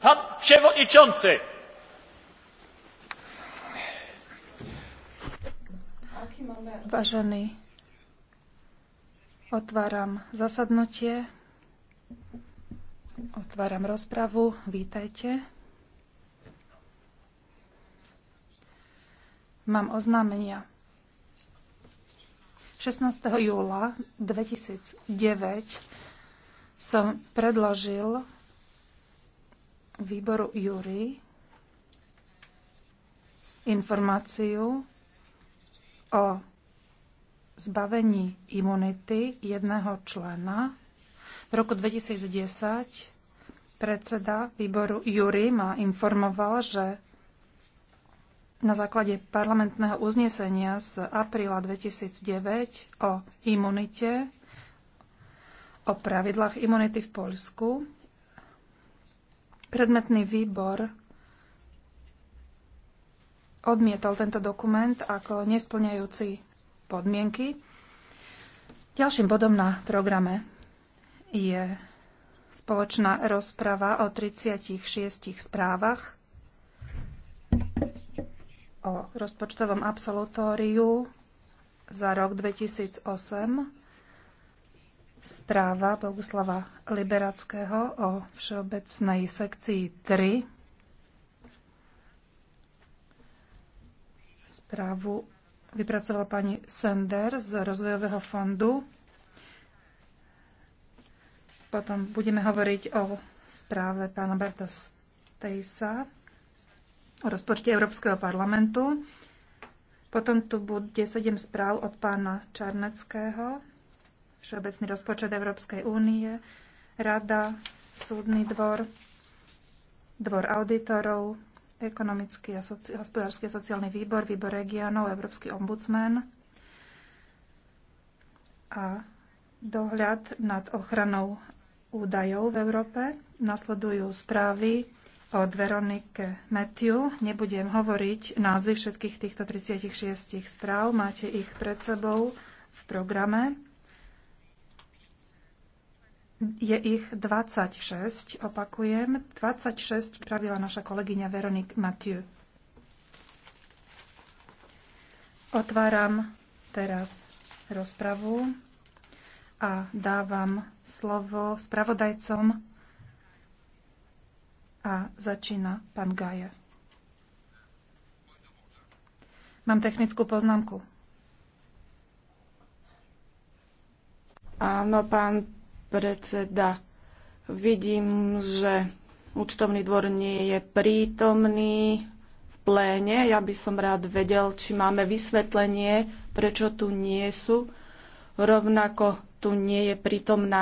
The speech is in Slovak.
Pan przewodniczący! Vážený, otváram zasadnutie, otváram rozpravu, vítajte. Mám oznámenia. 16. júla 2009 som predložil výboru Jury informáciu o zbavení imunity jedného člena. V roku 2010 predseda výboru Jury ma informoval, že na základe parlamentného uznesenia z apríla 2009 o imunite, o pravidlách imunity v Poľsku, Predmetný výbor odmietol tento dokument ako nesplňajúci podmienky. Ďalším bodom na programe je spoločná rozprava o 36 správach o rozpočtovom absolutóriu za rok 2008 správa Boguslava Liberackého o všeobecnej sekcii 3. Správu vypracovala pani Sender z Rozvojového fondu. Potom budeme hovoriť o správe pána Berta Stejsa o rozpočte Európskeho parlamentu. Potom tu bude sedem správ od pána Čarneckého, Všeobecný rozpočet Európskej únie, Rada, Súdny dvor, Dvor auditorov, Ekonomický a soci- hospodársky a sociálny výbor, Výbor regionov, Európsky ombudsman a dohľad nad ochranou údajov v Európe. Nasledujú správy od Veronike Matthew. Nebudem hovoriť názvy všetkých týchto 36 správ. Máte ich pred sebou v programe. Je ich 26, opakujem, 26 pravila naša kolegyňa Veronik Mathieu. Otváram teraz rozpravu a dávam slovo spravodajcom a začína pán Gaje. Mám technickú poznámku. Áno, pán predseda. Vidím, že účtovný dvor nie je prítomný v pléne. Ja by som rád vedel, či máme vysvetlenie, prečo tu nie sú. Rovnako tu nie je prítomná